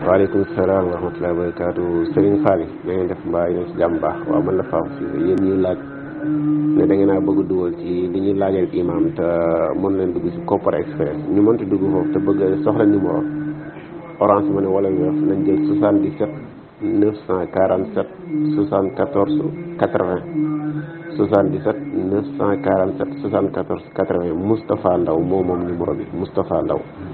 waaleykum salaam wa rahmatulah barakaatu Serigne Fall na ngeen def mbaa yéen ci jàmm baax waaw man la Fap si yéen ñuy laaj ne da ngeen a bëgg dugal ci li ñuy laajal imam te mën leen dugg si Kopar Express ñu mënti dugg foofu te bëgg soxla numéro orange ma ne wala weef nañ jël 77 947 74 80 77 947 74 80 Moustapha Ndaw moo moom numéro bi Moustapha Ndaw.